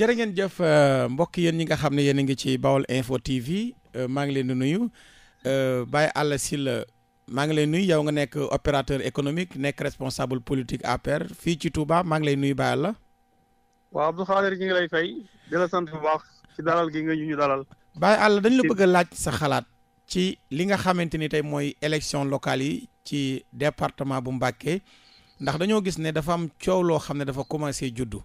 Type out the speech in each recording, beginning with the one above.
jërë ngeen jëf euh, mbokk yéen ñi nga xam ne yéen a ngi ci Baol Info TV euh, maa ngi leen di nuyu àll si la maa ngi lay nuyu yow nga nekk opérateur économique nekk responsable politique APR fii ci Touba maa ngi lay nuyu Baye Alla. waaw Abdou Khadir ñu ngi lay fay di la sant gi nga ñu ñu dalal. Baye Alla la bëgg a laaj sa xalaat ci li nga xamante ni tey mooy élection locale yi ci département bu Mbacké ndax dañoo gis ne dafa am coow loo xam ne dafa commencé juddu.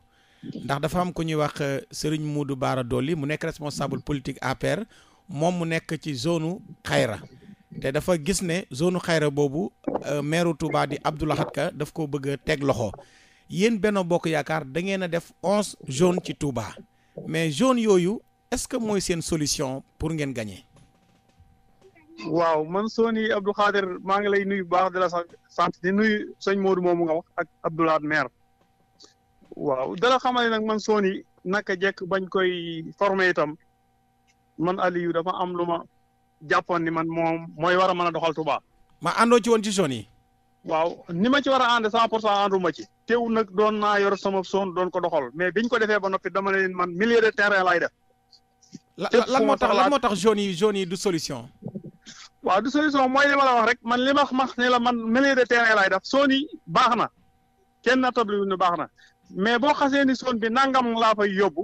ndax dafa am ku ñuy wax euh, Serigne Modou Bara Dolly mu nekk responsable politique APR moom mu nekk ci zone xayra te dafa gis ne zone xayra boobu euh, maire Touba di Abdou daf ko bëgg a teg loxo yéen benn Bokk Yaakaar da ngeen a def onze zone ci Touba mais zone yooyu est-ce que mooy seen solution pour ngeen gagner. waaw man soo Abdou Khader maa ngi lay nuyu baax di la sant di nuyu sëñ Modou moomu nga wax ak Abdou Lahad waaw dala xamal nag man Sony naka jekk bañ koy former itam man Aliou dafa am lu ma jàppoon ni man moom mooy war a mën a doxal Touba. ma àndoo ci woon ci Sony. waaw ni ma ci war a ànd cent pour cent àndu ma ci. teew nag doon naa yor sama son doon ko doxal mais biñ ko defee ba noppi dama leen man milieu de terrain laay def. la moo tax lan moo tax zone yi zone yi du solution. waaw du solution mooy li ma la wax rek man li ma wax ne la man milieu de terrain laay def Sony baax na kenna na tablu ne baax na mais boo xasee ni zone bi nangam laa fay yóbbu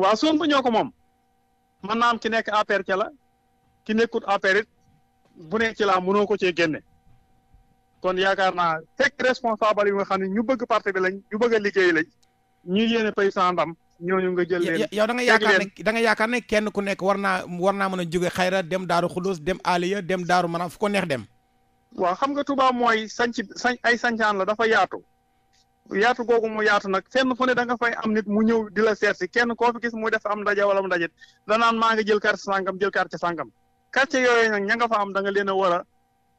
waa zone bu ñoo ko moom mën naa am ki nekk APR ca la ki nekkut APR it bu nekk ci laa munoo ko cee génne kon yaakaar naa fekk responsable yi nga xam ne ñu bëgg parti bi lañ ñu bëgg a liggéey lañ ñu yéene pay sa ndam ñooñu nga jël leen yow da nga yaakaar ne da nga yaakaar ne kenn ku nekk war naa war naa mën a jóge xayra dem daaru xulóos dem aliya dem daaru maanaam fu ko neex dem waa xam nga Touba mooy sañc sañ ay sancaan la dafa yaatu yaatu googu mu yaatu nag fenn fu ne da nga fay am nit mu ñëw di la seet si kenn koo fi gis muy def am ndaje wala mu ndaje danaan maa ngi jël carte sàngam jël carte sàngam quartier yooyu nag ña nga fa am danga leen a war a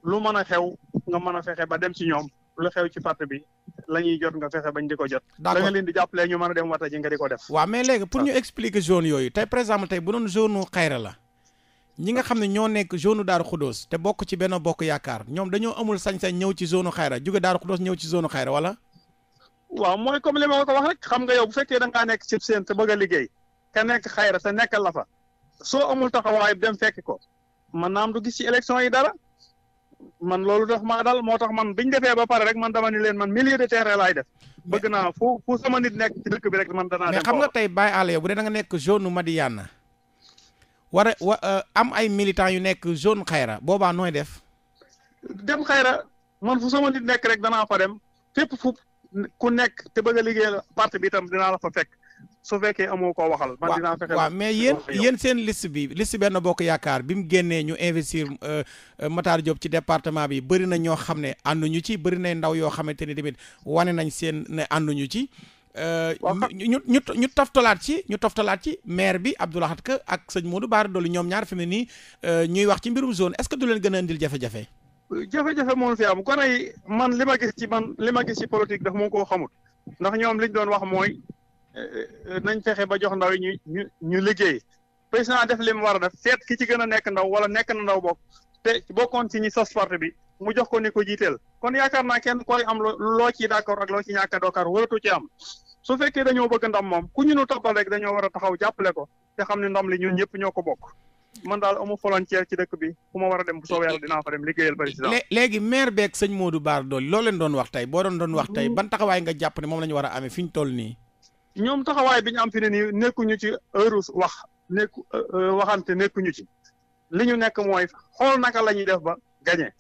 lu mën a xew nga mën a fexe ba dem ci ñoom lu xew ci part bi la ñuy jot nga fexe bañ di ko jot. da nga leen di jàppale ñu mën a dem wata ji nga di ko def. waaw mais léegi pour ñu expliquer zone yooyu tey par exemple tey bu doon zone xayra la. ñi nga xam ne ñoo nekk zone daaru xudóos te bokk ci benn bokk yaakaar ñoom dañoo amul sañ-sañ ñëw ci zone xayra jóge daaru xudóos ñëw ci zone xayra wala waaw mooy comme li ma ko wax rek xam nga yow bu fekkee da ngaa nekk cib seen te bëgg a liggéey te nekk xayra te nekkal la fa soo amul taxawaay dem fekk ko man naam du gis ci élection yi dara man loolu daf maa dal moo tax man biñ defee ba pare rek man dama ni leen man millier de terrain laay def bëgg naa fu fu sama nit nekk ci dëkk bi rek man danaa dem mais xam nga tey Baye Alla yow bu dee da nga nekk zone Madiyana wa euh, am ay militants yu nekk zone xayra boobaa nooy def dem xayra man fu sama nit nekk rek danaa fa dem fépp ku nekk te bëgg a liggéeyal parti bi itam dinaa la fa fekk su fekkee amoo ko waxal. man dinaa fexe mais yéen yéen seen liste bi liste benn bokk yaakaar bi mu génnee ñu investir euh, euh, Matar Diop ci département bi bëri na ñoo xam ne ànduñu ci bëri nay ndaw yoo xamante ni tamit wane nañ seen ne ànduñu ci. Euh, ñu ñu ñu toftalaat ci ñu toftalaat ci maire bi Abdou Lahad Ka ak moo Modou Bara Dolly ñoom ñaar fi mu ne nii ñuy wax ci mbirum zone est-ce que du leen gën a indil jafe-jafe. jafe-jafe moom fi am gone yi man li ma gis ci man li ma gis ci politique daf moom ko xamut ndax ñoom liñ doon wax mooy eh, eh, nañ fexe ba jox ndaw yi ñu ñu ñu liggéey président def li mu war a def seet ki ci gën a nekk ndaw wala nekk na ndaw bokk te bokkoon ci ñi sos parti bi mu jox ko ni ko jiiteel kon yaakaar naa kenn koy am loo ciy d'accord ak loo ci ñàkk a dookar waratu ci am su fekkee dañoo bëgg ndam moom ku ñu nu toppal rek dañoo war a taxaw jàppale ko te xam ne ndam li ñun ñëpp ñoo ko bokk man daal amu volontaire ci dëkk bi fu ma war a dem bu soobee yàlla dinaa fa dem liggéeyal président. léegi maire beeg sëñ Modou Bara Dolly loo leen doon wax tey boo doon doon wax tey ban taxawaay nga jàpp ne moom la war a amee fi ñu toll nii. ñoom taxawaay bi ñu am fi ne nii nekkuñu ci heure wax nekk euh, euh, waxante nekkuñu ci li ñu nekk mooy xool naka la ñuy def ba gagné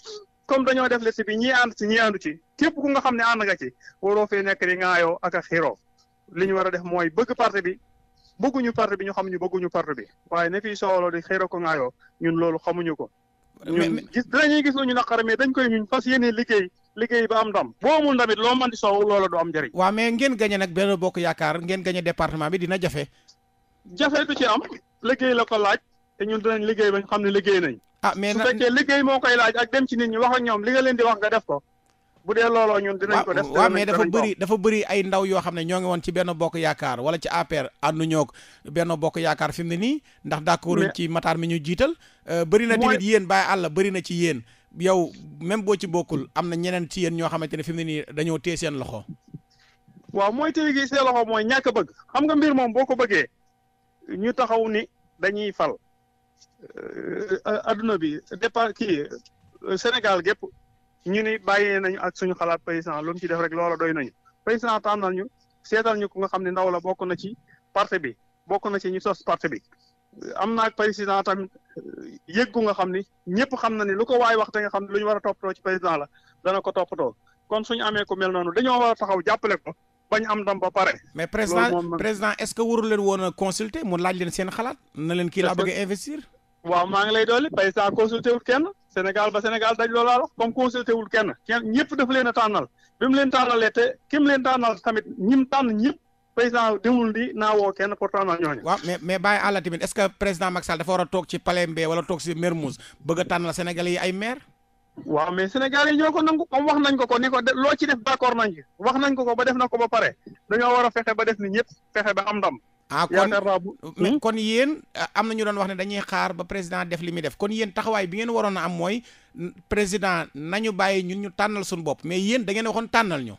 comme dañoo def liste bi ñii ànd ci ñii àndu ci képp ku nga xam ne ànd nga ci waroo fee nekk di ngaayoo ak a xiroo li ñu war a def mooy bëgg parti bi bëgguñu parti bi ñu xam ñu bëgguñu parti bi waaye na fiy soxla di xëy ko ngaayoo ñun loolu xamuñu ko. ñun gis dinañuy gis ñu naqar mais dañ koy ñun fas yéene liggéey liggéey ba am ndam boo amul ndam it loo mën di soow loola du am njëriñ. waaw mais ngeen gañe nag benn bokk yaakaar ngeen gañe département bi dina jafe. jafe du ci am liggéey la ko laaj te ñun dinañ liggéey ba ñu xam ne liggéey nañ. ah mais su fekkee liggéey moo koy laaj ak dem ci nit wax ak li nga leen di wax nga def ko bu dee looloo ñun dinañ ko def waaw mais na bëri dafa bëri ay ndaw yoo xam ne ñoo ngi woon ci benn bokk yaakaar wala ci APR ànduñoo benn bokk yaakaar fi mu ne nii ndax d'accorduñ ci mataar mi ñu jiital euh, bëri na tamit yéen bàyyi àll bëri na ci yéen yow même boo ci bokkul am na ñeneen ci yéen ñoo xamante ne fi mu ne nii dañoo téye seen loxo waaw mooy téye gi seen loxo mooy ñàkk bëgg xam nga mbir moom boo ko bëggee ñu taxaw ni dañuy fal euh, euh, adduna bi départ kii gépp ñu ni bàyyee nañu ak suñu xalaat paysan lu ci def rek loola doy nañu président tànnal ñu seetal ñu ku nga xam ne ndaw la bokk na ci parti bi bokk na ci ñu sos parti bi am naag président tamit yëggu nga xam ni ñëpp xam na ni lu ko waay wax te nga xam ne lu ñu war a toppatoo ci président la dana ko toppatoo kon suñu amee ko mel noonu dañoo war a taxaw jàppale ko bañ am ndam ba pare. mais président président est-ce que waru leen woon a consulter mu laaj leen seen xalaat. na leen a investir. waaw maa ngi kenn. Sénégal ba Sénégal daj loolu laa wax comme consulté wul kenn kenn ñëpp dafa leen a tànnal bi mu leen tànnalee te ki leen tànnal tamit ñim tànn ñëpp président demul di naawoo kenn pour tànnal ñooñu. waaw mais mais bàyyi àll tamit est-ce que président Macky Sall dafa war a toog ci palais Mbe wala toog si Mermoz bëgg a tànnal Sénégalais yi ay maire. waaw mais Sénégalais yi ñoo ko nangu comme wax nañ ko ko ni ko loo ci def d'accord nañ wax nañ ko ko ba def na ko ba pare dañoo war a fexe ba def ni ñëpp fexe ba am ndam ah kon hmm? kon yéen am na ñu doon wax ne dañuy xaar ba président def li muy def kon yéen taxawaay bi ngeen waroon a am mooy président nañu bàyyi ñun ñu tànnal suñu bopp mais yéen da ngeen waxoon tànnal ñu.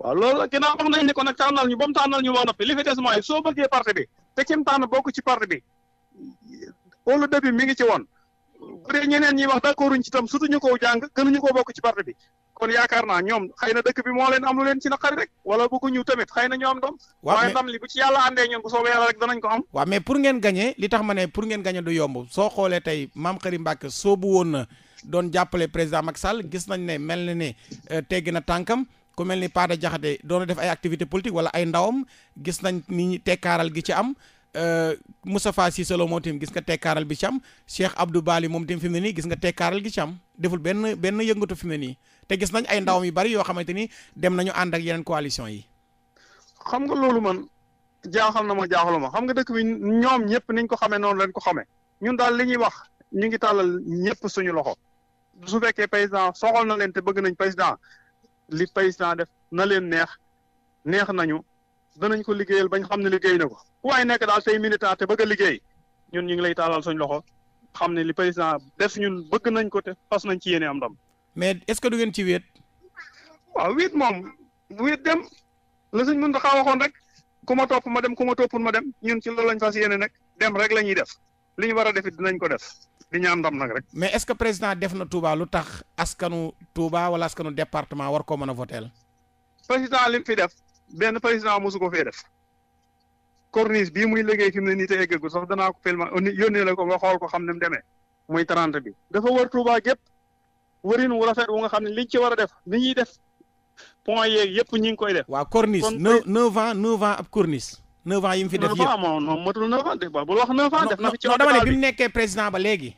waaw loolu ginnaaw wax nañ ne ko nag tànnal ñu ba mu tànnal ñu ba noppi li fi des mooy soo bëggee parti bi te kim tànn bokk ci parti bi au début mi ngi ci woon. bu dee ñeneen ñi wax d'accorduñ ci tam surtout ñu ko jàng gënuñu ko bokk ci parti bi kon yaakaar naa ñoom xëy na dëkk bi moo leen am lu leen ci naqari rek wala bëgguñu tamit xëy na ñoo am doom waaye ndam li bu ci yàlla ko am waaw mais pour ngeen gañee li tax ma ne pour ngeen gañee du yomb soo xoolee tey Mame Khary Mbacké soobu woon na doon jàppale président Macky Sall gis nañ ne mel na ne euh, tegg na tànkam ku mel ni Paada Jaxate doon def ay activité politique wala ay ndawam gis nañ ni tekkaaral gi ci am Euh, Moustapha Cissé Lo moom tamit gis nga tekkaaral bi ci am Cheikh Abdou Bali moom tamit fi mu nii gis nga tekkaaral gi ci am deful benn benn yëngatu fi nii te gis nañ ay ndawam yu bari yoo xamante ni dem nañu ànd ak yeneen coalition yi. xam nga loolu man jaaxal na ma jaaxalu ma xam nga dëkk bi ñoom ñëpp niñ ko xame noonu lañ ko xamee ñun daal li ñuy wax ñu ngi tàllal ñëpp suñu loxo su fekkee président soxal na leen te bëgg nañ président li président def na leen neex neex nañu. danañ ko liggéeyal bañ xam ne liggéey na ko waaye nekk daal say militant te bëgg liggéey ñun ñu ngi lay taalal suñ loxo xam ne li président def ñun bëgg nañ ko te fas nañ ci yéene am ndam. mais est-ce que du ngeen ci wéet. waaw wéet moom wéet dem la suñ mën taxaa waxoon rek ku ma topp ma dem ku ma toppul ma dem ñun ci loolu lañ fas yéene nag dem rek la ñuy def li ñu war a def it dinañ ko def di ñaan ndam nag rek. mais est-ce que président def na Touba lu tax askanu Touba wala askanu département war koo mën a voter. président li fi def benn président mosu ko fee def corniche bii muy liggéey fi mu ne nii te eggagul sax danaa ko filma yónnee la ko nga xool ko xam ne mu muy 30 bi. dafa wër Touba gépp wërin wu rafet wu nga xam ne liñ ci war a def li ñuy def pont yeeg yëpp ñi ngi koy def. waa corniche neuf neuf ans neuf ans ab corniche. neuf ans yi mu fi def yëpp non non matul neuf ans def wax neuf ans. def na fi ci hôpital bi non dama ne bi nekkee président ba léegi.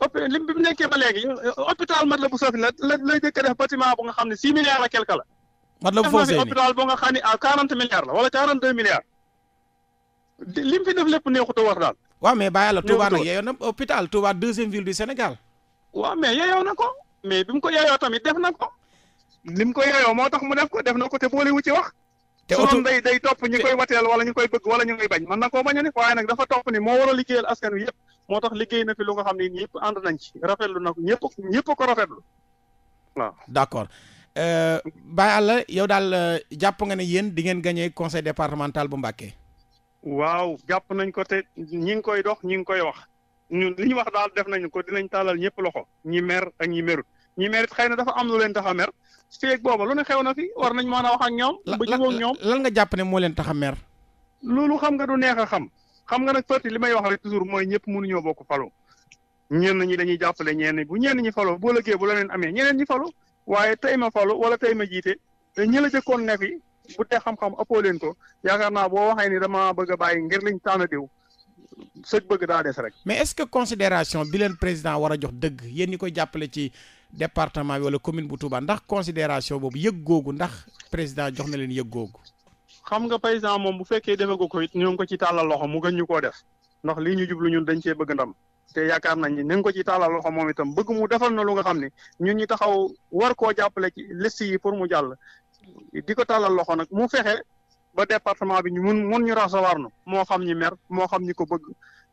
hôpital li mu nekkee ba léegi hôpital mat la bu sofi la la lay def bâtiment bu nga xam ne six milliards la quelque Matlaboul Fawzeyni hôpital boo nga xam ne à quarante milliards la wala quarante deux milliards li mu def lépp neexuta war daal waaw mais bàyyi la Touba nag yeyoon na hôpital Touba deuxième ville du Sénégal waaw mais yeyoo na ko mais bi mu ko yeyoo tamit def na ko li mu ko yeyoo moo tax mu def def na ko te boole wu ci wax te oto day day topp ñi koy wateel wala ñu koy bëgg wala ñu koy bañ mën na ko bañ a def waaye nag dafa topp ni moo war a liggéeyal askan wi yëpp moo tax liggéey na fi lu nga xam ne ñëpp ànd nañ ci rafetlu na ko ñëpp ñëpp ko rafetlu waaw d'accord Euh, Baye Alla yow daal euh, jàpp nga ne yéen di ngeen gagné conseil départemental bu Mbacké. waaw jàpp nañ ko te ñi ngi koy dox ñi ngi koy wax ñun li ñu wax daal def nañu ko dinañ tàllal ñëpp loxo ñi mer ak ñi merut ñi merit xëy na dafa am lu leen tax a mer feeg booba lu ne xew na fi war nañ mën a wax ak ñoom. ba jubóog ñoom lan nga jàpp ne moo leen tax a mer. loolu xam nga du neex a xam xam nga nag parti li may wax rek toujours mooy ñëpp mënuñoo bokk falu ñenn ñi dañuy jàppale ñenn bu ñenn ñi falu boo lëggee bu leneen amee ñeneen ñi falu waaye tey ma falu wala tey ma jiite te ñi la jëkkoon nekk yi bu te xam-xam ëppoo leen ko yaakaar naa boo waxee ni dama bëgga bàyyi ngir liñ tànn diw sëg bëgg daa des rek. mais est-ce que considération bi leen président war a jox dëgg yéen ñi ko jàppale ci département bi wala commune bu Touba ndax considération boobu yëg googu ndax président jox na leen yëg googu. xam nga président moom bu fekkee defee ko ko it ngi ko ci tàllal loxo mu gën ñu ko def ndax lii ñu jublu ñun dañ cee bëgg ndam. te yaakaar nañ ni nañ ko ci tàllal loxo moom itam bëgg mu defal na lu nga xam ne ñun ñu taxaw war koo jàppale ci liste yi pour mu jàll di ko tàllal loxo nag mu fexe ba département bi ñu mun mun ñu recevoir nu moo xam ñi mer moo xam ñi ko bëgg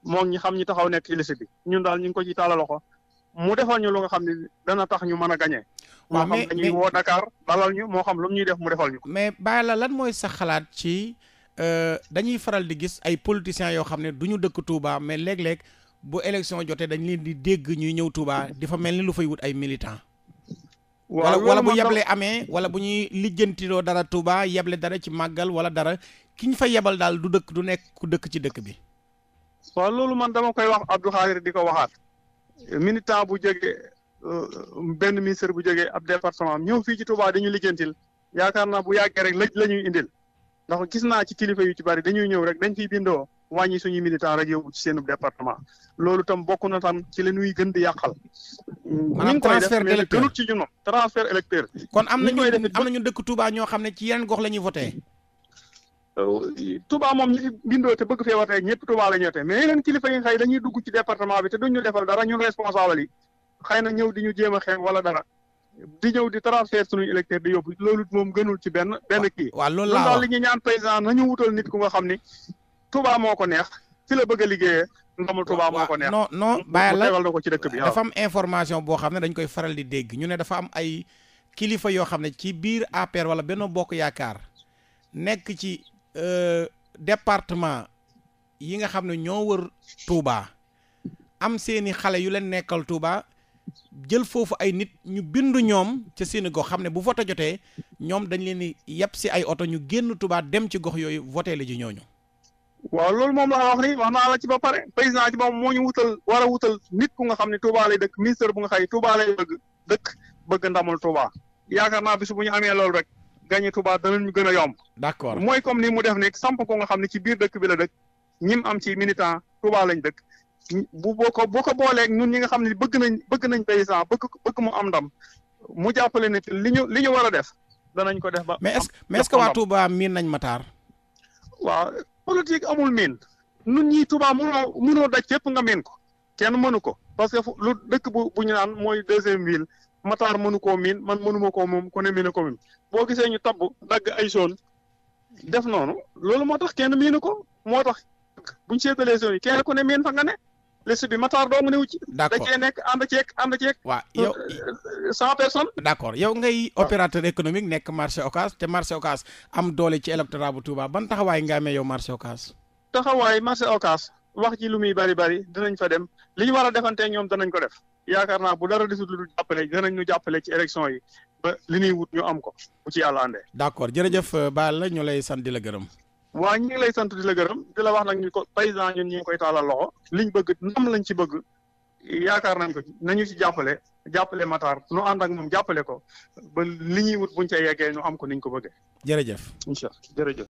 moo ñi xam ñi taxaw nekk ci liste bi ñun daal ñu ngi ko ci tàllal loxo mu defal ñu lu nga xam ne dana tax ñu mën a gañee moo xam dañuy woo Dakar dalal ñu moo xam lu ñuy def mu defal ñu ko mais bàyyi la lan mooy sax xalaat ci euh, dañuy faral di gis ay politiciens yoo xam ne du ñu dëkk Touba mais léeg-léeg bu élection jotee dañ leen di dégg ñuy ñëw Touba di fa mel ni lu fay wut ay militant wala wala bu yeble amee wala bu ñuy lijjantiloo dara Touba yeble dara ci màggal wala dara ki ñu fa yebal daal du dëkk du nekk ku dëkk ci dëkk bi. waaw loolu man dama koy wax Abdou Khadir di ko waxaat. militant bu jógee euh, benn ministre bu jógee ab département ñëw fii ci Touba dañuy lijjantil yaakaar naa bu yàggee rek lëj la indil ndax gis naa ci kilifa yu ci bari dañuy ñëw rek dañ fiy bindoo. wàññi suñu militant rek yow ci seen département loolu tam bokk na tam ci la ñuy gën di yàqal. maanaam transfert électeur ñu ngi koy def mais gënut ci kon am na ñu am na ñu dëkk Touba ñoo xam ne ci yenn gox la ñuy voté. Euh, Touba moom ñi bindoo te bëgg fee watee ñëpp Touba la ñu mais yeneen kilifa yi dañuy dugg ci département bi te duñ ñu defal dara ñun responsable yi xëy na ñëw di ñu jéem a xeex wala dara di ñëw di transfert suñuy électeur di yóbbu loolu moom gënul ci benn benn kii. waaw loolu la wax daal li ñu ñaan président nañu wutal nit ku nga xam ni Touba moo ko neex ci la bëgg a liggéeyee ndomu Touba moo ko neex. non non bàyyi la ko ci dëkk bi dafa am information boo xam ne dañ koy faral di dégg ñu ne dafa am ay kilifa yoo xam ne ci biir APR wala benn Bokk Yaakaar nekk ci euh, département yi nga xam ne ñoo wër Touba am seeni xale yu leen nekkal Touba. jël foofu ay nit ñu bindu ñoom ca seeni gox xam ne bu vote jotee ñoom dañ leen di yàpp si ay oto ñu génn Touba dem ci gox yooyu voté la ji ñooñu waaw loolu moom laa wax ni wax naa la ci ba pare président ci moom moo ñu wutal war a wutal nit ku nga xam ne Touba lay dëkk ministre bu nga xay Touba lay bëgg dëkk bëgg ndamul Touba yaakaar naa bis bu ñu amee loolu rek gagné Touba danañu gën a yomb. d'accord mooy comme ni mu def ne samp ko nga xam ne ci biir dëkk bi la dëkk ñim am ci minitan Touba lañ dëkk. bu boo ko boo ko booleeg ñun ñi nga xam ne bëgg nañ bëgg nañ paysan bëgg bëgg mu am ndam mu jàppale ne li ñu li ñu war a def danañ ko def ba. mais est mais est-ce que waa Touba miin nañ Matar. waaw politique amul miin nun ñii tubaab mënoo mënoo daj fépp nga miin ko kenn mënu ko parce que lu dëkk bu bu ñu naan mooy deuxième ville Matar mënu koo miin man mënuma ko moom kone mine miin ko miin boo gisee ñu tabb dagg ay zone def noonu loolu moo tax kenn miinu ko moo tax buñ seetalee zone yi kenn ku ne miin fa nga ne les bi Matar dong newu ci. d' accord da cee nekk ànd ceeg ànd ceeg. waaw yow euh, cent personnes. d' accord yow ngay opérateur économique nekk marché Ocass te marché Ocass am doole ci électorat bu Touba ban taxawaay nga amee yow marché Ocass. taxawaay marché Ocass wax ji lu muy bari bari dinañ fa dem li ñu war a defantee ñoom danañ ko def yaakaar naa bu dara desul lu jàppale danañ ñu jàppale ci élection yi li ñuy wut ñu am ko bu ci yàlla àndee. d' accord jërëjëf Ba la ñu lay sant di la gërëm. waa ñu ngi lay sant di la gërëm di la wax na ñu ko paysan ñun ñu ngi koy taalal loxo liñ bëgg nam lañ ci bëgg yaakaar nañ ko nañu ci jàppale jàppale Matar nu ànd ak moom jàppale ko ba li ñuy wut buñ ca yeggee ñu am ko niñ ko bëggee. jërëjëf incha jërëjëf.